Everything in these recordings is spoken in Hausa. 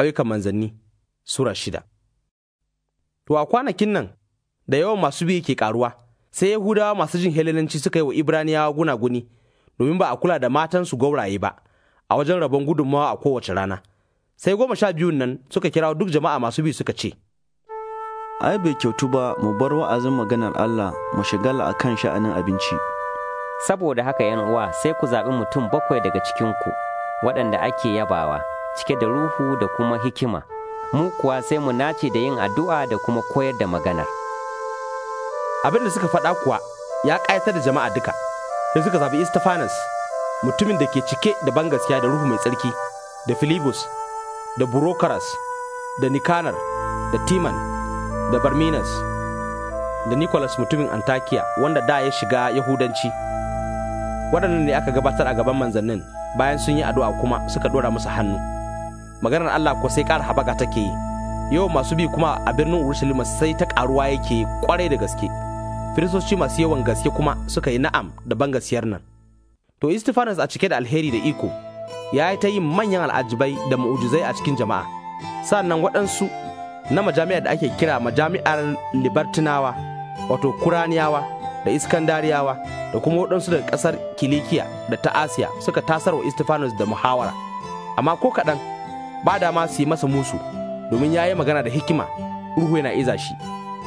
ayyukan manzanni Sura shida. To a kwanakin nan da yawan masu biyu ke karuwa, sai Yahudawa masu jin Helenanci suka yi wa Ibraniyawa guni domin ba a kula da matansu gauraye ba a wajen rabon gudunmawa a kowace rana. Sai goma sha biyun nan suka kira duk jama'a masu biyu suka ce. Ai bai kyautu ba mu bar wa'azin maganar Allah mu shiga a kan sha'anin abinci. Saboda haka 'yan uwa sai ku zaɓi mutum bakwai daga cikinku waɗanda ake yabawa. cike da ruhu da kuma hikima, mu kuwa sai mu nace da yin addu'a da kuma koyar da maganar. Abin da suka faɗa kuwa ya ƙayatar da jama'a duka, sai suka zaɓi Istifanas, mutumin da ke cike da bangaskiya da ruhu mai tsarki, da Filibus, da Burokaras, da Nikanar, da Timan, da Barminas, da Nicholas mutumin Antakiya wanda da ya shiga Yahudanci. Waɗannan ne aka gabatar a gaban manzannin bayan sun yi addu'a kuma suka ɗora musu hannu. maganar Allah ko sai ƙara habaka take yi yau masu bi kuma a birnin urushalima sai ta karuwa yake kwarai da gaske firistoci masu yawan gaske kuma suka yi na'am da bangasiyar nan to istifanas a cike da alheri da iko ya yi ta yin manyan al'ajibai da mu'ujizai a cikin jama'a sannan waɗansu na majami'ar da ake kira majami'ar libertinawa wato kuraniyawa da iskandariyawa da kuma waɗansu daga ƙasar kilikiya da ta asiya suka tasarwa istifanus da muhawara amma ko kaɗan ba dama ma su yi masa musu domin ya yi magana da hikima ruhu yana iza shi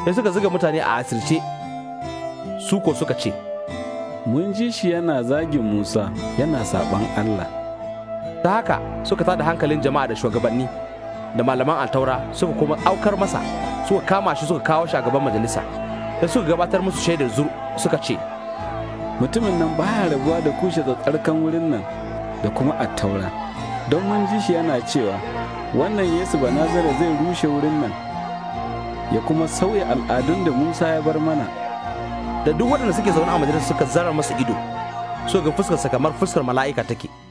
sai suka zuga mutane a asirce su ko suka ce mun ji shi yana zagin musa yana saban allah ta haka suka tada hankalin jama'a da shugabanni da malaman altaura suka kuma aukar masa suka kama shi suka kawo shi a gaban majalisa sai suka gabatar musu shaidar zur suka ce mutumin nan baya rabuwa da kushe tsarkan wurin nan da kuma taura. don mun ji shi yana cewa wannan yesu banazara zai rushe wurin nan ya kuma sauya al'adun da musa ya bar mana da duk waɗanda suke zaune a majalisar suka zara masa ido so ga fuskarsa kamar fuskar mala'ika take